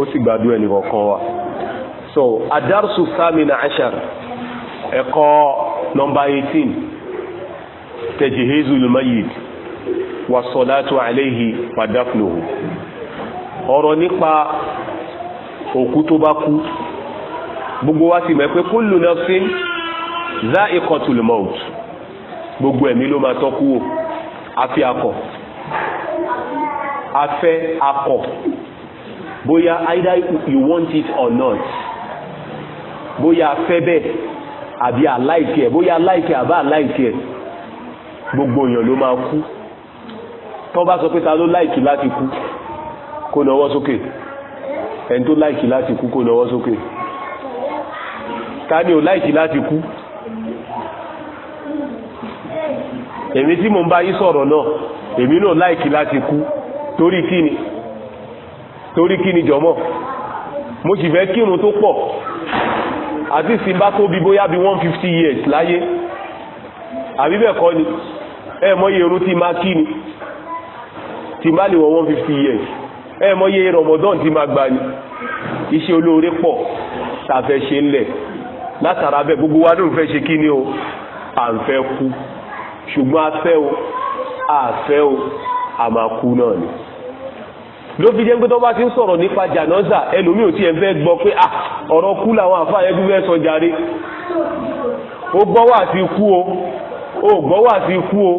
kó sì gbádùn ẹnì kọ̀ọ̀kan wa so adarsu samina ashar ẹ̀kọ́ nọmba 18 tẹjìhìzù lùmáyìd wà sọ̀látù àléhì pàdáfnuhù ọ̀rọ̀ nípa òkú tó bá kú gbogbo wa sì mọ̀ pé kullu nafsin za'iqatul maut gbogbo ẹ̀mí ló máa tọ́kú afẹ́ akọ̀ bóyá either you want it or not bóyá fẹ́ bẹ́ẹ̀ àbí àláìkẹ́ bóyá àláìkẹ́ àbá àláìkẹ́ gbogbo èèyàn ló máa kú tó bá sọ pé ta ló láìkì láti kú kó náwọ́ sókè ẹni tó láìkì láti kú kó náwọ́ sókè ta ni ò láìkì láti kú èmi tí mo ń bá yí sọ̀rọ̀ náà èmi náà láìkì láti kú torí kí ni torí kí ni jọmọ́ mo sì fẹ́ kírun tó pọ̀ àti sì bá tó bí bóyá bí 150 years láyé àbí bẹ́ẹ̀ kọ́ ni ẹ mọye irun tí máa kí ni tí máa lè wọ 150 years ẹ mọye Ramadan tí máa gbà ni iṣẹ́ olóore pọ̀ tàfẹ́ ṣe ńlẹ̀ látara bẹ́ẹ̀ gbogbo wa lóun fẹ́ ṣe kí ni o à ń fẹ́ kú ṣùgbọ́n a fẹ́ o a fẹ́ o a máa kú náà ni ló fi jẹ́ pé tó bá ti ń sọ̀rọ̀ nípa jànáza ẹlòmíì ò tiẹ̀ fẹ́ gbọ́ pé ah ọ̀rọ̀ kú làwọn àfáà yẹn fífẹ́ sọ jàre ó gbọ́ wà sí kú o ó gbọ́ wà sí kú o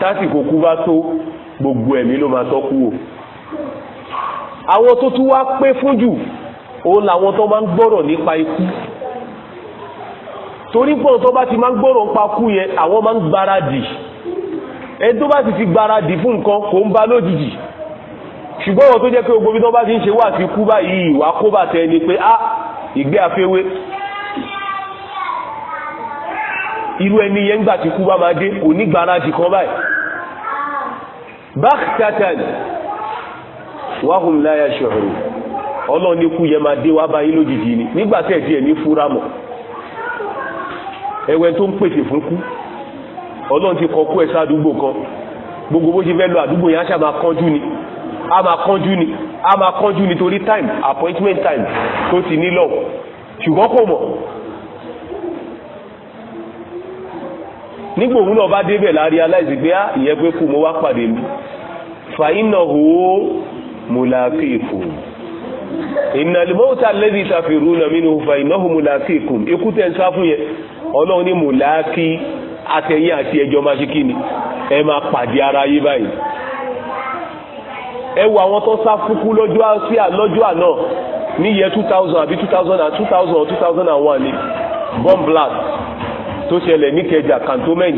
tásìkò kú bá tó gbogbo ẹ̀mí ló máa tọ́ kú o àwọn tó tún wá pé fún jù òun làwọn tó máa ń gbọ́rọ̀ nípa ikú torí pọ̀ tó bá ti máa ń gbọ́rọ̀ nípa kú yẹn àwọn máa ń gbáradì ẹni tó bá sì ti gbáradì fún nǹkan kò ń ba lójijì ṣùgbọ́n wọn tó jẹ́ pé gbogbo bí tó bá ti ń ṣe wà sí kú báyìí ìwà kó bá tẹ ni pé á ah, ìgbé afẹ́wé irú ẹni yẹn gbà tí kú bá máa dé kò ní gbáradì kan báyìí bákítátàn wàhùn láyà ṣòro ọlọ́run ní kú yẹn máa dé wá báyìí lójijì ni nígbà tẹ̀ díẹ̀ ní fúra mọ̀ ẹwẹ́ tó ń pèsè fún kú ọlọ́run ti kọ kú ẹ̀ sádùúgbò kan gbogbo bó ṣe fẹ́ lọ àdúgbò yẹn á ṣàbà kánjú ni a máa kánjú ni a máa kánjú nítorí time appointment time tó ti nílọ ṣùgbọ́n kò mọ̀ nígbò òun náà bá débẹ̀ láàrin aláìsìgbé á ìyẹn pé kú mo wá pàdé mi fàínà hòó mùlàkìkùn ìnà lèmọ́ta lẹ́dí ìtàfèrú náà mínú fàínà hòó mùlàkìkùn ikú tẹ́ ń sá fún yẹn ọlọ́run ní mùlàkì àtẹ̀yìn àti ẹjọ́ máa ṣe kí ni ẹ máa pàdé ara yí báyìí ẹ wo àwọn tó sá fúkú lọ́jọ́ àṣìá lọ́jọ́ àná ní yẹ two thousand àbí two thousand and two thousand or two thousand and one ni bomb blast tó ṣẹlẹ̀ ní Ìkẹjà cantonment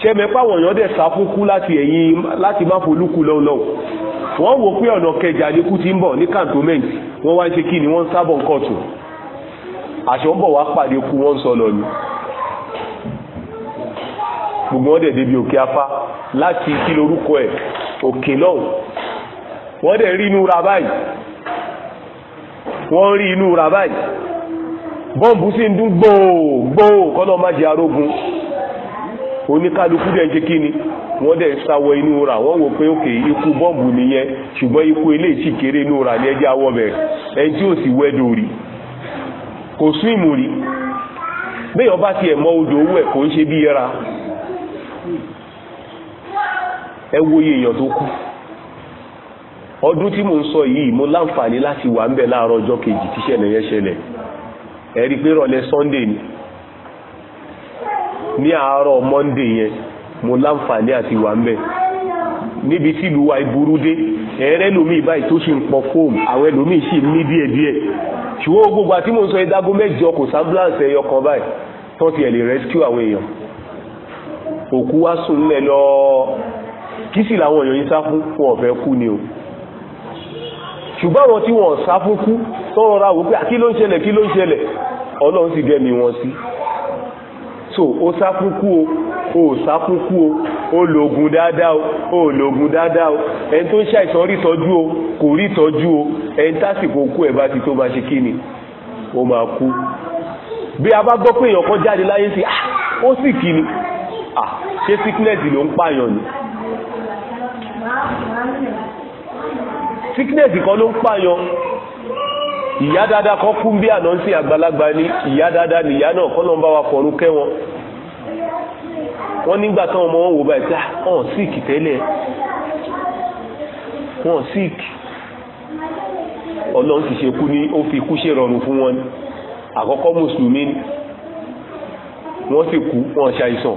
ṣẹ́mẹ́pà wọ̀nyọ́ dẹ̀ sá fúkú láti ẹ̀yìn láti má folúkú lọ́wọ́lọ́wọ́ wọ́n wò pé ọ̀nà kẹjà ní kú ti ń bọ̀ ní cantonment wọ́n wá ń ṣe kí ni wọ́n ń sábọ̀ ń kọ̀tù àṣọ ń bọ̀ wá pàdé kú wọ́n ń sọ lọ ni gbogbo wọn dẹ̀ débi òkè afá láti kí lorúkọ ẹ̀ òkè lọ́hùn wọ́n dẹ̀ rí inú ra báyìí wọ́n rí inú ra báyìí bọ́ǹbù sí ń dún gbòò gbòò kọ́nà má jẹ́ arógun oníkálukú dẹ̀ jẹ́ kíni wọ́n dẹ̀ sáwọ inú ra wọ́n wò pé òkè ikú bọ́ǹbù nìyẹn ṣùgbọ́n ikú ilé ìtì kéré inú ra ní ẹjẹ́ awọ́ bẹ̀rẹ̀ ẹni tí ó sì wẹ́dò rí kò sún ìmù rí bẹ́ẹ̀ ọba tiẹ̀ mọ odò owó ẹ̀ kò ẹ wo iye èèyàn tó kú ọdún tí mo ń sọ yìí mo láǹfààní láti wà ń bẹ̀ láàárọ̀ ọjọ́ kejì tíṣẹ̀lẹ̀ yẹn ṣẹlẹ̀ ẹ pé rọ̀lẹ́ sunday ni ní àárọ̀ monday yẹn mo láǹfààní àti wà ń bẹ̀ níbi tí ìlú wa ìburú dé ẹ̀rẹ́ lómi báyìí tó ṣe ń pọ fóòmù àwọn ẹlòmí sì ń ní díẹ̀díẹ̀ ṣùgbọ́n gbogbo àti mò ń sọ ìdágó mẹ́jọ kò sábláǹsì ẹyọ kan báyìí tán ti ẹ̀ lè rescue àwọn èèyàn òkú wá sùn lẹ̀ lọ́ọ́ kí sì làwọn èèyàn yìí sá fún wọn ọ̀fẹ́ kú ni o ṣùgbọ́n àwọn tí wọ́n sá fún kú tọ́rọ ra wò pé kí ló ń ṣẹlẹ̀ kí ló ń ṣẹlẹ̀ ọlọ́run sì gẹ́mi wọn sí so ó sá fún kú o ó sá fún kú o ó lògùn dáadáa o ó lògùn dáadáa o ẹni tó ń ṣàìsàn rí tọ́jú o kò rí tọ́jú o ẹni tásìkò kú ẹ̀ bá ti tó máa ṣe kí ni ó máa kú bí a bá gbọ́ pé èèyàn kan jáde láyé sí ó sì kí ni ṣé sickness ló ń pààyàn ni sickness kan ló ń pààyàn ìyá dáadáa kan kú bí ànánsì àgbàlagbà ni ìyá dáadáa ni ìyá náà kọ́ ló ń bá wa fọ̀rún kẹ́ wọn wọ́n nígbà táwọn ọmọ wọn wò báyìí tá ah, wọn síìkì tẹ́lẹ̀ wọn síìkì ọlọ́run ti ṣe kú ní ó fi ikú ṣe rọrùn fún wọn àkọ́kọ́ mùsùlùmí wọ́n sì kú wọn ṣàìsàn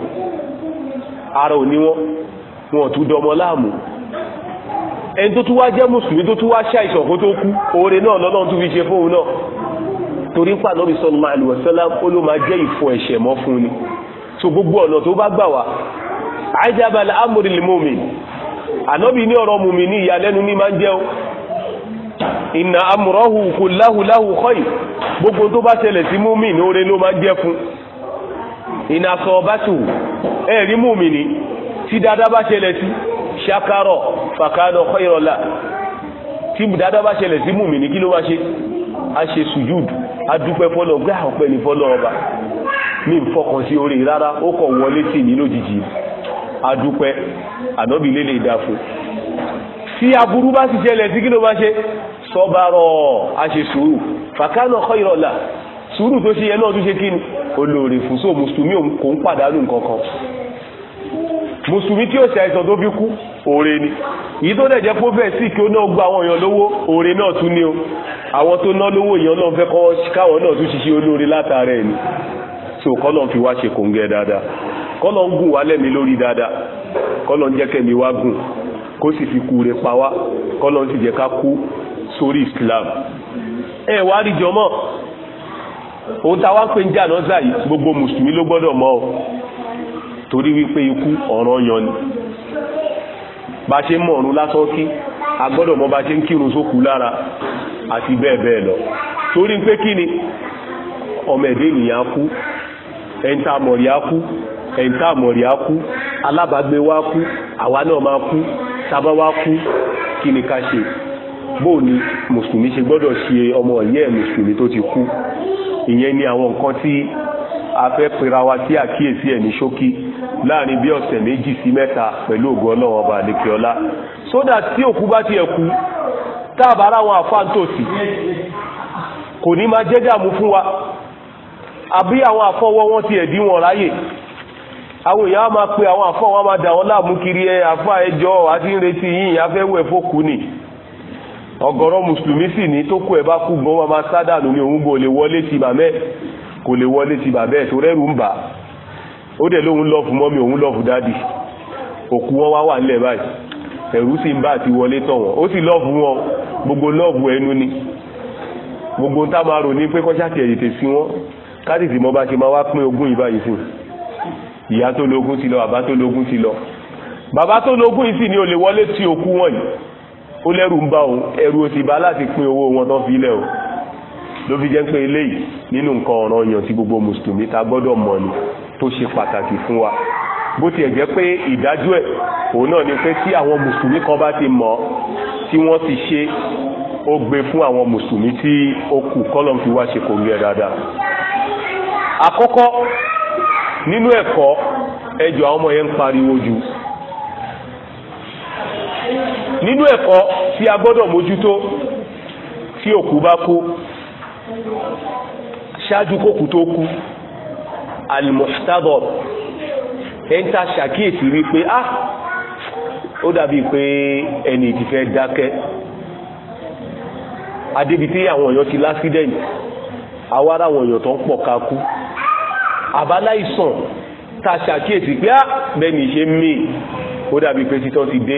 ara ò ní wọn wọn tún dọmọ láàmú ẹni tó tún wá jẹ́ mùsùlùmí tó tún wá ṣàìsàn kó tó kú oore náà lọ́nà tó fi ṣe fóun náà torí pa Ànábì sallallahu alaihi wasallam ó ló máa jẹ́ ìfọ ẹ̀ṣẹ̀ mọ́ fún ni so gbogbo ọ̀nà tó bá gbà wá ajabal amri lil mu'min Ànábì ní ọ̀rọ̀ mùmí ní ìyàlẹ́nu ní máa ń jẹ́ o inna amrahu kullahu lahu khair gbogbo tó bá ṣẹlẹ̀ sí mùmí ní oore ló máa ń jẹ́ fún inna sọ bá tù ẹ̀rí ṣakarọ̀ fàkánà kọ́ìrọ̀lá tí dáadáa bá ṣẹlẹ̀ sí mùmí ní kí ló wá ṣe a ṣe sùjúd a dúpẹ́ fọ́lọ̀ gbé àpẹ́ ní fọ́lọ̀ ọba mi ń fọkàn sí orí rárá ó kọ̀ wọlé sí mi lójijì a dúpẹ́ ànábì lélẹ̀ ìdáfo tí aburú bá sì ṣẹlẹ̀ sí kí ló bá ṣe sọ́bárọ̀ a ṣe sùúrù fàkánà kọ́ìrọ̀lá sùúrù tó ṣe yẹ náà tún ṣe kí ni olóore fún sóò òun kò ń pàdánù nǹkan kan mùsùlùmí tí ó ṣe àìsàn tó fi kú òre ni yìí tó dẹ̀jẹ́ pé ó fẹ́ sí kí ó náà gba àwọn èèyàn lówó òre náà tún ni o àwọn tó ná lówó èèyàn náà fẹ́ káwọn náà tún ṣiṣẹ́ olóore látara ẹ̀ ni so kọ́lọ̀ fi wá ṣe kòǹgẹ́ dáadáa kọ́lọ̀ ń gùn wá lẹ́mi lórí dáadáa kọ́lọ̀ ń jẹ́kẹ́ mi wá gùn kó sì fi kú rẹ̀ pa wá kọ́lọ̀ ń sì jẹ́ ká kú sórí Islam ẹ wá rí jọmọ́ òun táwa pé ń jà náà sáyì gbogbo mùsùlùmí ló gbọ́dọ̀ mọ̀ ọ́ torí wípé ikú ọ̀ràn yan ni bá ṣe ń mọ̀rún lásán kí a gbọ́dọ̀ mọ̀ bá ṣe ń kírun sókú lára àti bẹ́ẹ̀ bẹ́ẹ̀ lọ torí pé kí ni ọmọ ẹ̀dẹ́ ènìyàn kú ẹ̀ńtà mọ̀rí á kú ẹ̀ńtà mọ̀rí á kú alábàágbé wa kú àwa ni ká a fẹ́ pera wa sí àkíyèsí ẹ̀ ní ṣókí láàrin bí ọ̀sẹ̀ méjì sí mẹ́ta pẹ̀lú ògo ọlọ́run ọba àdékẹ́ọlá sódà tí òkú bá ti ẹ̀kú táàbà aláwọn àfáàntòsí kò ní máa jẹ́dàmú fún wa àbí àwọn àfọwọ́ wọn ti ẹ̀dí wọn ráyè àwọn èèyàn máa pe àwọn àfọwọ́ wọn máa dà wọn láàmú kiri ẹ àfá ẹjọ́ àti ń retí yìnyín afẹ́wẹ̀ fókù ni ọ̀gọ̀rọ̀ mùsùlùmí sì ní tó kú ẹ bá kú gan wọn máa sádà lórí òun bò lè wọlé ti bàbẹ́ kò lè wọlé ti bàbẹ́ tó rẹ́rù ń ó dẹ̀ lóhun lọ́fù mọ́mí òun lọ́fù dádì òkú wọn wá wà nílẹ̀ báyìí ẹ̀rú sì ń bá àti wọlé tọ̀ wọn ó sì lọ́fù wọn gbogbo lọ́fù ẹnu ni gbogbo tá máa rò ní pé kọ́ṣáàtì ẹ̀yẹ̀tẹ̀ sí wọn káàtìsì mọ́ bá ṣe máa wá pín ogún ìbáyìí sí ìyá tó lógún ti lọ ni ò lè wọlé tí òkú wọn yìí ó lẹ́rù o ló fi jẹ́ pé eléyìí nínú nǹkan ọ̀ranyàn ta gbọ́dọ̀ mọ̀ tó ṣe pàtàkì fún wa bó ti ẹ̀ jẹ́ pé ìdájọ́ ẹ̀ òun náà ni pé tí àwọn mùsùlùmí kan bá ti mọ̀ tí wọ́n ti ṣe ó gbé fún àwọn mùsùlùmí tí ó kù kọ́lọ̀ fi wá ṣe kò rí ẹ̀ dáadáa àkọ́kọ́ nínú ẹ̀kọ́ ẹjọ́ àwọn ọmọ yẹn ń pariwo jù nínú ẹ̀kọ́ tí a gbọ́dọ̀ mójútó tí òkú bá kú ṣáájú kókù tó kú alimuhtabọ ẹnta ṣàkíyèsí wípé ah ó dàbí pé ẹni tí fẹ́ dákẹ́ adébítí àwọn èèyàn ti lásídẹ̀ǹtì awára àwọn èèyàn tó ń pọ̀ ká kú àbáláìsàn ta ṣàkíyèsí pé ah bẹ́ẹ̀ni ṣe mí ó dàbí pé títọ́ ti dé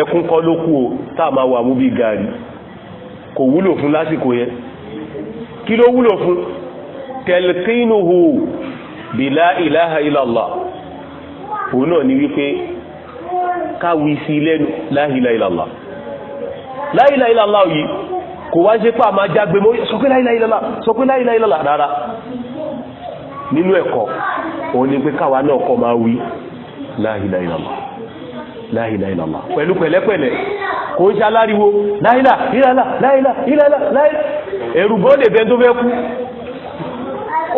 ẹkún kọ́ ló kú o tá máa wà mú bí gàrí kò wúlò fún lásìkò yẹn kí ló wúlò fún tẹ̀lẹ́kínuhu bìlá ìláha ìlàlá òun náà ni wípé káwí sí lẹ́nu láhìlá ìlàlá láhìlá ìlàlá yìí kò wá ṣe pà máa jágbe mọ́ sọ pé láhìlá ìlàlá sọ pé láhìlá ìlàlá rárá nínú ẹ̀kọ́ òun ni pé káwa náà kọ́ máa wí láhìlá ìlàlá láhìlá ìlàlá pẹ̀lú pẹ̀lẹ́pẹ̀lẹ́ kò ń ṣe aláriwo láhìlá ìlàlá láhìlá ìlàlá láhìlá èrùbọ́n lè bẹ́ẹ̀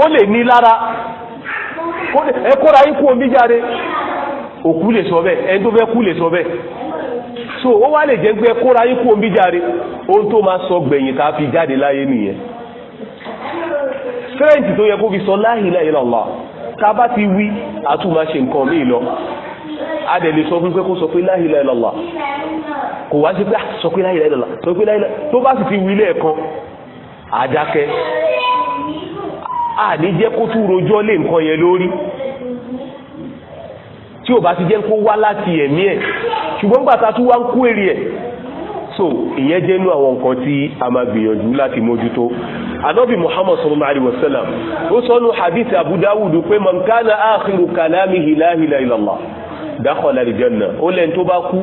ó lè ní lára ẹ kóra omi jáde òkú lè sọ bẹ́ẹ̀ ẹni tó fẹ́ kú lè so ó wá lè jẹ́ pé kóra omi jáde ohun tó máa sọ gbẹ̀yìn tá a fi jáde láyé nìyẹn strength tó yẹ kó fi sọ la ilaha illallah ti wí àtúmọ̀ ṣe nǹkan míì lọ a dẹ̀ lè sọ fún pé kó sọ pé la ilaha illallah kò wá sí pé ah, sọ pé tó bá sì ti wí lẹ́ẹ̀kan àdákẹ́ àní jẹ́ kó tún rojọ́ lé nǹkan yẹn lórí tí ò bá ti jẹ́ kó wá láti ẹ̀mí ẹ̀ ṣùgbọ́n nígbà tá tún wá ń kú èrè ẹ̀ so ìyẹn jẹ́ inú àwọn nǹkan tí a máa gbìyànjú láti mójútó anọ́bì muhammad sallallahu alaihi wasallam ó sọ́nu hadith abu dawud pé man kana akhiru kalamihi la ilaha illallah dakhala aljanna ó lẹ́ni tó bá kú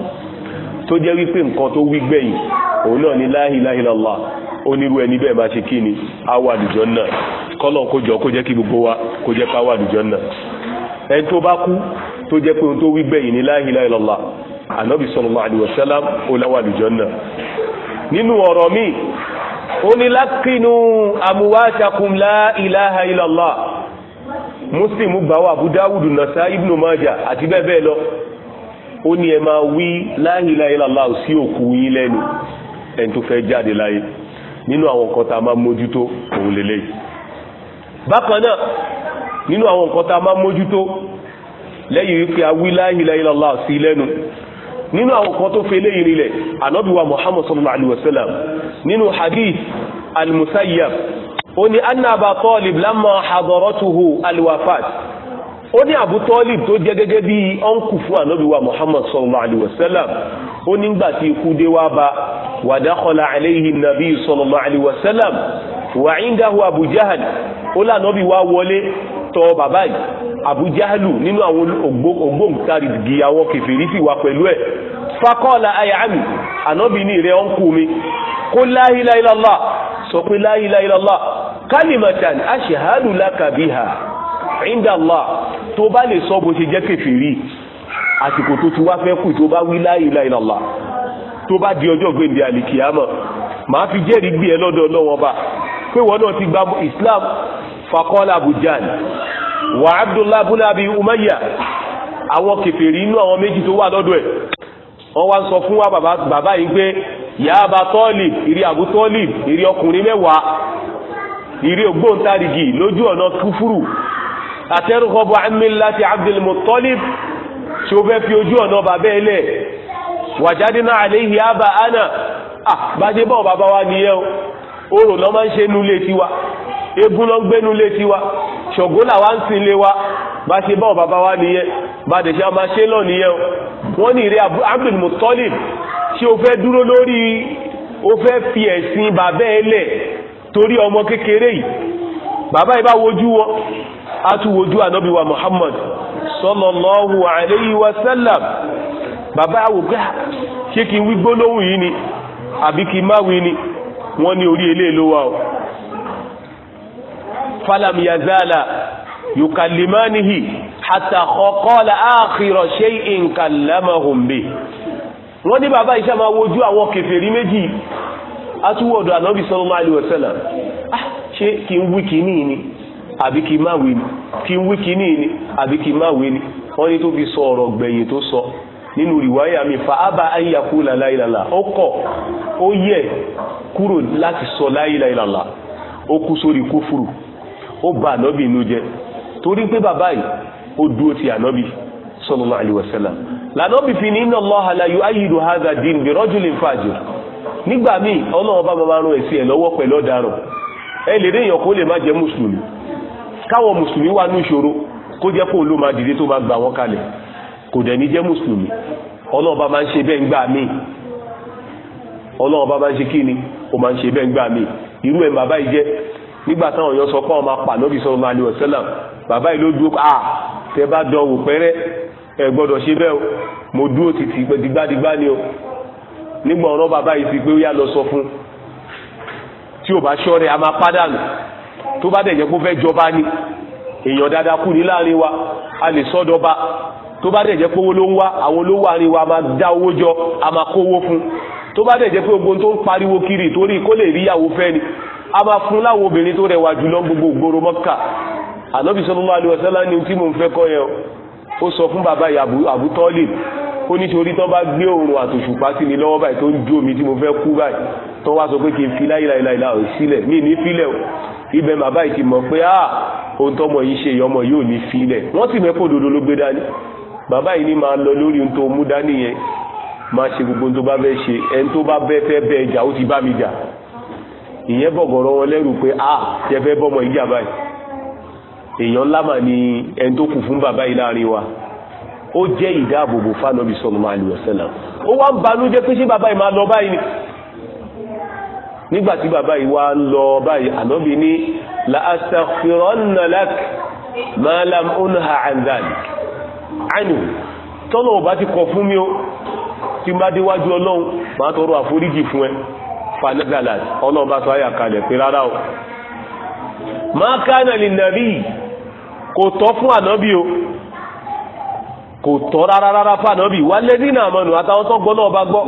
tó jẹ́ wípé nǹkan tó wí gbẹ̀yìn òun náà ni la ilaha illallah onírú ẹni bẹ́ẹ̀ máa ṣe kí ni a wà àlùjànnà kọ́lọ̀ kó jọ kó jẹ́ kí gbogbo wa kó jẹ́ ká wà lùjọ́ náà ẹni tó bá kú tó jẹ́ pé ohun tó wí gbẹ̀yìn ní la ilaha illallah ànábì sallallahu alaihi wasallam ó láwà lùjọ́ náà nínú ọ̀rọ̀ mi ó ní lákínú amwatakum la ilaha illallah muslim gbà wá abu dawud nasa ibnu maja àti bẹ́ẹ̀ bẹ́ẹ̀ lọ ó ní ẹ máa wí la ilaha illallah sí òkú yín lẹ́nu ẹni tó fẹ́ jáde láyé nínú àwọn kan tá a máa mójútó òun lélẹ́yìí bákan náà nínú àwọn nǹkan tá a máa mójútó lẹ́yìn wípé awílá ìlàlá sí lẹ́nu nínú àwọn nǹkan tó fi eléyìí rinlẹ̀ ànábìwá muhammad sallallahu alayhi wa sallam nínú hadith al-musayyab ó ní anna aba talib lamma hadaratuhu alwafat ó ní abu talib tó jẹ́ gẹ́gẹ́ bí ọ́nkù fún ànábìwá muhammad sallallahu alayhi wa sallam wa dakhala alayhi nabi sallallahu alayhi wa sallam wa indahu abu jahal ó lànàbí wá wọlé tọ bàbá yìí àbújáàlù nínú àwọn ògbóǹtarì di àwọn kèfèrí sì wà pẹ̀lú ẹ̀ fakọ́ọ̀lá ayàmì ànábì ní rẹ̀ ọ́nkù mi kó la ilaha illallah sọ pé la ilaha illallah kalimatan ashhadu laka biha inda Allah tó bá lè sọ bó ṣe jẹ́ kèfèrí àsìkò tó ti wá fẹ́ kù tó bá wí la ilaha illallah tó bá di ọjọ́ gbèǹdé fakọ́lá abujan wà abdullahi abulabi umayya àwọn kèfèrí inú àwọn méjì tó wà lọ́dọ̀ ẹ̀ wọ́n wá ń sọ fún wa bàbá yìí pé yàbá tọ́ọ̀lìb ìrí àbú tọ́ọ̀lìb ìrí ọkùnrin mẹ́wàá ìrí ògbóǹtarìgì lójú ọ̀nà kúfúrù àtẹ́rùkọ́bọ̀ amíláti abdulmutọ́lìb tí ó fẹ́ fi ojú ọ̀nà bàbá ẹlẹ̀ wàjádínà àléhì àbá ah, àná àbájẹ́bọ̀ bàbá wa nìyẹn o rò lọ́ máa ń ṣe nulẹ̀ egun lọ gbénu lé tiwa ṣọ̀gbọ́n làwa ń sin lé wa bá ṣe bá bàbá wa nìyẹn bá dẹ̀ ṣe máa ṣe lọ nìyẹn wọ́n ní ìrẹ́ Abdul Muttalib ṣé o fẹ́ dúró lórí o fẹ́ fi ẹ̀sìn bàbá ẹ lẹ̀ torí ọmọ kékeré yìí bàbá yìí bá wojú wọn a tún wojú ànábì wa Muhammad sallallahu alayhi wa sallam bàbá àwògbà ah, ṣé kí n wí gbólóhùn yìí ni àbí kí n má wí ni wọ́n ní orí eléèlówà o falam yazala yukalimanihi hatta kọ́kọ́lá àkìrọ̀ ṣe ìǹkàlámàhùnbé wọ́n ní bàbá iṣẹ́ máa wojú àwọn kèfèrí méjì atúwọ̀dọ̀ ànábì sallallahu alaihi wasallam ah, ṣe kí n wí kìíní ni àbí kí má wí ni kí n wí kìíní ni àbí kí má wí ni wọ́n ní tó fi sọ ọ̀rọ̀ gbẹ̀yìn tó sọ nínú rìwáyà mi fa ábà ayàkú làláìlàlà ó kọ̀ ó yẹ kúrò láti sọ láìlàlà ó kú sórí kúfùrù ó ba ànábì inú jẹ́ torí pé bàbá yìí ó dúró ti ànábì sallallahu alaihi wasallam fi ní inna Allaha la yu'ayyidu hadha din bi rajulin fajir nígbà míì ọlọ́run bá máa rán ẹ̀ lọ́wọ́ pẹ̀lú ọ̀daràn ẹ lè réyàn kó lè má jẹ́ mùsùlùmí káwọn mùsùlùmí wà ní ìṣòro kó jẹ́ kó ló dìde tó gbà wọ́n kalẹ̀ kò dẹ̀ ní jẹ́ mùsùlùmí ń ṣe bẹ́ẹ̀ ń ṣe kí ni nígbà táwọn èèyàn sọ pé àwọn máa pa lóbi sọ máa lè ọ̀sẹ́là bàbá yìí ló dúró à ah, tẹ bá dán wò pẹ́rẹ́ ẹ gbọ́dọ̀ ṣe bẹ́ẹ̀ o mo dúró títí digbadigba ni o nígbà ọ̀rọ̀ bàbá yìí ti pé ó yá lọ sọ fún tí ò bá ṣọ́rẹ́ a máa pádànù tó bá dẹ̀ jẹ́ kó fẹ́ jọba ni èèyàn dáadáa kù ní láàrin wa a lè sọ́dọ̀ba tó bá dẹ̀ jẹ́ pé owó ló ń wá àwọn olówó àárín wa a máa dá owó jọ a máa kówó fún tó bá dẹ̀ jẹ́ pé gbogbo tó ń pariwo kiri torí kó lè ríyàwó fẹ́ ni a máa fún láwọn obìnrin tó rẹwà jùlọ gbogbo ìgboro mọ́kà ànábì sallallahu alaihi wasallam ní tí mo ń fẹ́ kọ́ yẹn ó sọ fún bàbá Abu Talib ó nítorí tó bá gbé òòrùn àtòṣùpá sí mi lọ́wọ́ báyìí tó ń jó mi tí mo fẹ́ kú báyìí tó wá sọ pé kí n fi láìláìláìlá ò sílẹ̀ mí ní fílẹ̀ o ibẹ̀ bàbá yìí ti mọ̀ pé ah ohun tọ́mọ yìí ṣe ìyẹn bọ̀gọ̀rọ̀ wọn lẹ́rù pé a ah, jẹ fẹ́ bọ́mọ ìjà báyìí èèyàn lámà ni ẹni tó kù fún bàbá yìí láàrin wa ó jẹ́ ìdáàbòbò fánàbí sallallahu alaihi wasallam ó wá ń banújẹ́ pé ṣé bàbá yìí máa lọ báyìí nígbàtí bàbá yìí wá lọ báyìí ànábì ní la astaghfiranna fanazalat ọlọ́run bá sọ ayà kalẹ̀ pé rárá o máa kánà lè nàbí kò tọ́ fún ànábì o kò tọ́ rárá rárá fún ànábì wà lẹ́dí náà mọ́nu àtàwọn tó gbọ́ náà bá gbọ́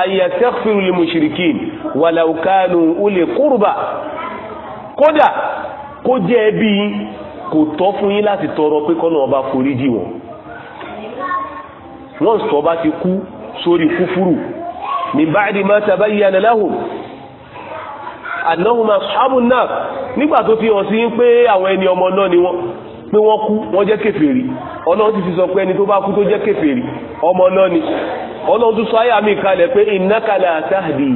ayastaghfiru lil mushrikin walau kanu uli qurba kódà kó jẹ́ ẹbí kò tọ́ fún yín láti tọrọ pé kọ́nà ọba foríjì wọn wọ́n sọ bá ti kú sórí kúfúrù min ba'di ma tabayyana lahum annahum ashabun nar nígbà tó fi hàn sí pé àwọn ẹni ọmọ náà ni wọ́n pé wọ́n kú wọ́n jẹ́ kèfèrí ọlọ́run ti fi sọ pé ẹni tó bá kú tó jẹ́ kèfèrí ọmọ náà ni ọlọ́run tún sọ àyà mi kalẹ̀ pé innaka la tahdi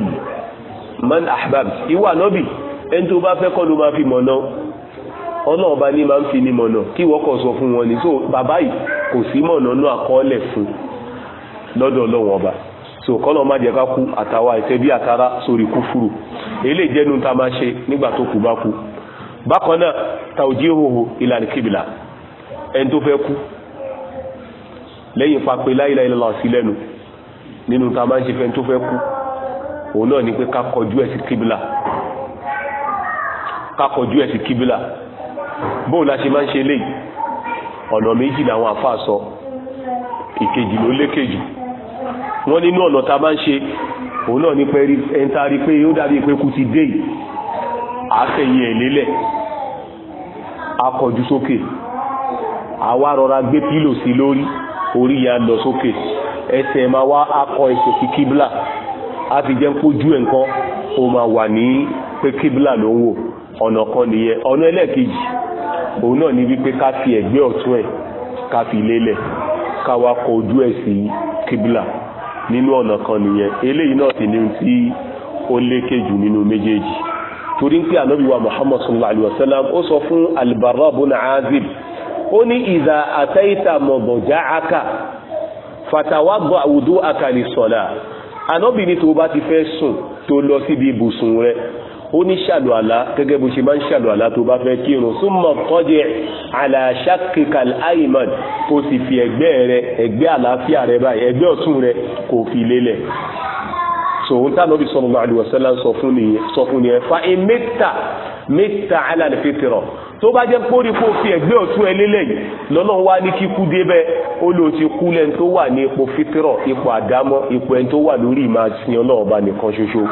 man ahbabta ìwà nọ́bì ẹni tó bá fẹ́ kọ́ ló máa fi mọ̀ náà ọlọ́run bá ní máa ń fi ní mọ̀ náà kí wọ́n kọ̀ sọ fún wọn ni so bàbá yìí kò sí mọ̀ náà náà àkọọ́lẹ̀ fún lọ́dọ̀ ọlọ́run ọba so kọ́lọ́ má jẹ́ ká kú àtàwa ìtẹ́bí àtàrà sórí kúfúrú èlé ìjẹ́nu tá a máa ṣe nígbà tó kù bá kú bákan náà tawjihuhu ila al-qibla ẹni tó fẹ́ kú lẹ́yìn papẹ̀ la ilaha sí lẹ́nu nínú tá a ṣe fẹ́ni tó fẹ́ kú òun náà ni pé ká kọjú ẹ̀ sí kíbílà ká kọjú ẹ̀ sí la ṣe máa ń ṣe léyìí ọ̀nà méjì làwọn àfáà sọ ìkejì ló lékejì wọ́n nínú ọ̀nà tá a ṣe òun náà ní pé ẹntari pé ó dàbí pé kú ti dé àfẹ̀yìn ẹ̀lélẹ̀ akọjú sókè àwa rọra gbé pílò sí lórí orí ya lọ sókè ẹsẹ̀ ma wá akọ ẹsẹ̀ sí kíbla a fi jẹ́ pójú ẹ̀ nǹkan o ma wà ní pé kíbla ló ń wò ọ̀nà kan nìyẹn ọ̀nà ẹlẹ́ẹ̀kejì òun náà ní wípé ká fi ẹ̀gbẹ́ ọ̀tún ẹ̀ ká fi lélẹ̀ ká wá kọ ojú ẹ̀ sí kíbla nínú ọ̀nà kan nìyẹn eléyìí náà sì ní tí ó lékè jù nínú méjèèjì torí pé ànábì wa muhammad sallallahu alayhi wa sallam ó sọ fún albarra bun azib ó ní ìdá àtẹ́yìntà mọ̀gbọ̀já aka fatawa gbọ́ àwùdó aka ní sọ̀lá ànábì ní tó bá ti fẹ́ sùn tó lọ síbi ibùsùn rẹ̀ ó ní ṣàlùwàlá gẹ́gẹ́ bó ṣe máa ń ṣàlùwàlá tó bá fẹ́ kírun summa tọ́jú ala shaqqikal ayman kó sì fi ẹ̀gbẹ́ rẹ ẹ̀gbẹ́ àlàáfíà rẹ báyìí ẹ̀gbẹ́ ọ̀tún rẹ kò fi lélẹ̀ sòun tá lóbi sallallahu alaihi wasallam sọ fún ni sọ fún fa mẹ́ta mẹ́ta ala al-fitra tó bá jẹ́ pórípò fi ẹ̀gbẹ́ ọ̀tún ẹ lélẹ̀ yìí lọ́nà wá ní kíkú débẹ̀ ó lò ti kú lẹ́n tó wà ní ipò fitrọ̀ ipò àdámọ́ ipò ẹni tó wà lórí ìmáa sin ọlọ́ọ̀ba nìkan ṣoṣo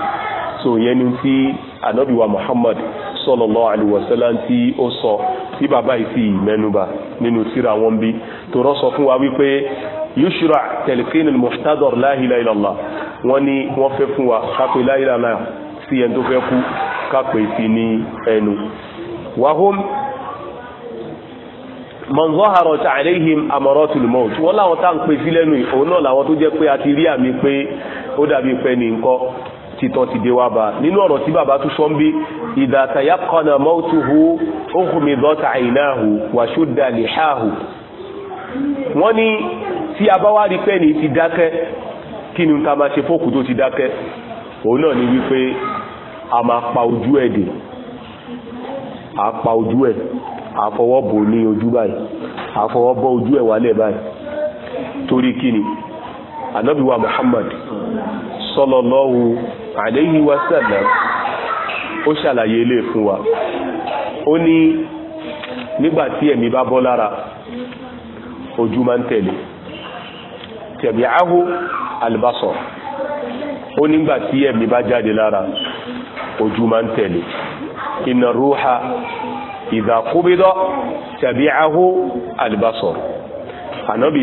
so yẹn ni ti anabiwa muhammad sallallahu alaihi wasallam tí ó sọ tí bàbá yìí sì mẹ́nubà nínú tírà wọn bí tòrọ sọ fún wa wípé yushra telkin al-muhtadar la ilaha illallah wọ́n fún wa kápẹ́ la sí ẹni tó fẹ́ kú kápẹ́ sí ní ẹnu wahum man zaharat alayhim amaratul maut wọ́n láwọn tá ń pè sí lẹ́nu òun náà làwọn tó jẹ́ pé a ti rí àmì pé ó dàbí pẹ́ ní nǹkan títọ́ ti dé wá bá nínú ọ̀rọ̀ tí bàbá tún sọ ń bí idha tayaqqana mawtuhu ughmidat aynahu wa shudda lihahu wọ́n ní tí a bá wá rí pé ní ti dákẹ́ kí ni ta máa ṣe fókù tó ti dákẹ́ òun náà ni wípé a máa Muhammad sallallahu alayhi wa sallam ó ṣàlàyé ilé fún wa ó ní nígbà tí ẹ̀mí bá bọ́ lára ojú máa ń tẹ̀lé tabi'ahu al-basar ó nígbà tí ẹ̀mí bá jáde lára ojú máa ń tẹ̀lé inna ruha idha qubida tabi'ahu al-basar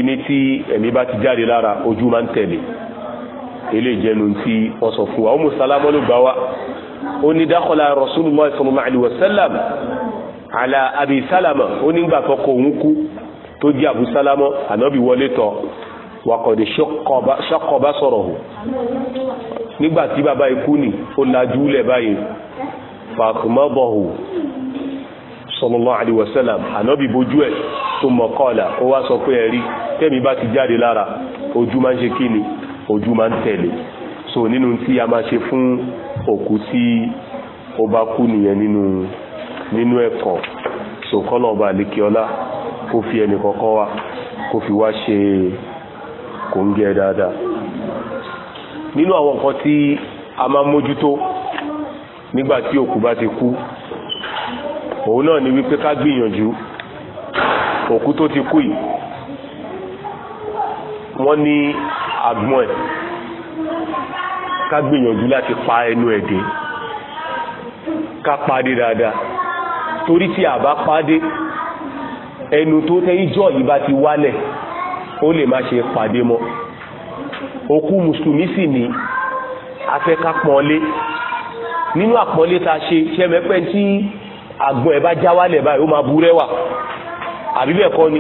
ní tí ẹ̀mí bá ti jáde lára ojú máa ń tẹ̀lé eléyìí jẹ́nu tí wọ́n sọ fún wa Ummu Salama ló gbà wá ó ní dákọ́lá Rasulullah sallallahu alaihi wasallam àlà Abi Salama ó nígbà tó kọ òun kú tó jẹ́ Abu Salama ànábì wọlé tọ̀ wakọ̀dé ṣọ́kọ̀ọ́bá sọ̀rọ̀ hù nígbà tí bàbá ikú ni ó lajú lẹ̀ báyìí fàkùmọ́bọ̀hù sallallahu alaihi wasallam ànábì bojú ẹ̀ tó mọ̀kọ́ọ̀lá ó wá sọ pé ẹ̀rí tẹ́mi bá ti jáde lára ojú máa ń ṣe kí ni ojú máa ń tẹ̀lé so nínú tí a máa ṣe fún òkú tí ó bá kú nìyẹn nínú nínú ẹ̀kọ́ so kọ́lọ̀ ọba àlékiọlá kó fi ẹnì kọ́kọ́ wá kó fi wá ṣe kòńgẹ́ dáadáa nínú àwọn nǹkan tí a máa mójútó nígbà tí òkú bá ti kú òun náà ni wípé ká gbìyànjú òkú tó ti kú yìí wọ́n ní agbọ́n ẹ̀ ká gbìyànjú láti pa ẹnu ẹ̀dẹ́ ká pàdé dáadáa torí tí a bá pàdé ẹnu tó tẹ́ ìjọ yìí bá ti wálẹ̀ ó lè má ṣe pàdé mọ́ òkú mùsùlùmí sì ní afẹ́ká pọ́nlé nínú àpọ́nlé ta ṣe ṣẹ́mẹ́pẹ́ tí àgbọ̀n ẹ̀ bá já wálẹ̀ báyìí ó máa burẹ́wà àbí bẹ́ẹ̀ ni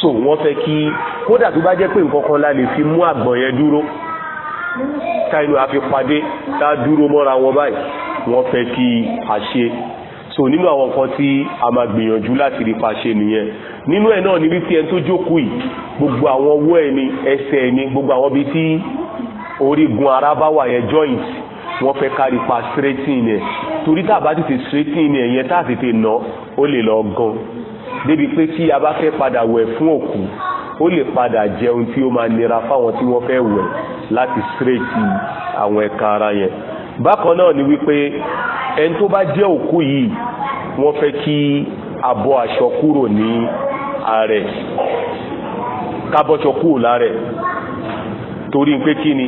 so wọ́n fẹ́ kí kódà tó bá jẹ́ pé nǹkan kan la lè fi mú àgbọ̀n yẹn dúró táìlú àfi pàdé tá dúró mọ́ra wọn báyìí wọ́n fẹ́ kí a ṣe so nínú àwọn nǹkan tí a máa gbìyànjú láti rí pa ṣe nìyẹn nínú ẹ̀ náà ni wípé ẹni tó jókòó yìí gbogbo àwọn ọwọ́ ẹni ẹsẹ̀ ẹni gbogbo àwọn ibi tí orígun ara bá wà yẹn joint wọ́n fẹ́ kárí pa straightening ẹ̀ torí tá a bá tètè straightening ẹ̀ yẹn tá a tètè nà ó lè lọ gan débi pé tí a bá fẹ́ padà wẹ̀ fún òkú ó lè padà jẹun tí ó máa nira fáwọn tí wọ́n fẹ́ wẹ̀ láti sírètì àwọn ẹ̀ka ara yẹn bákan náà ni wípé ẹni tó bá jẹ́ òkú yìí wọ́n fẹ́ kí a aṣọ kúrò ní ààrẹ kábọ́ṣọ kúrò lárẹ̀ torí pé kí ni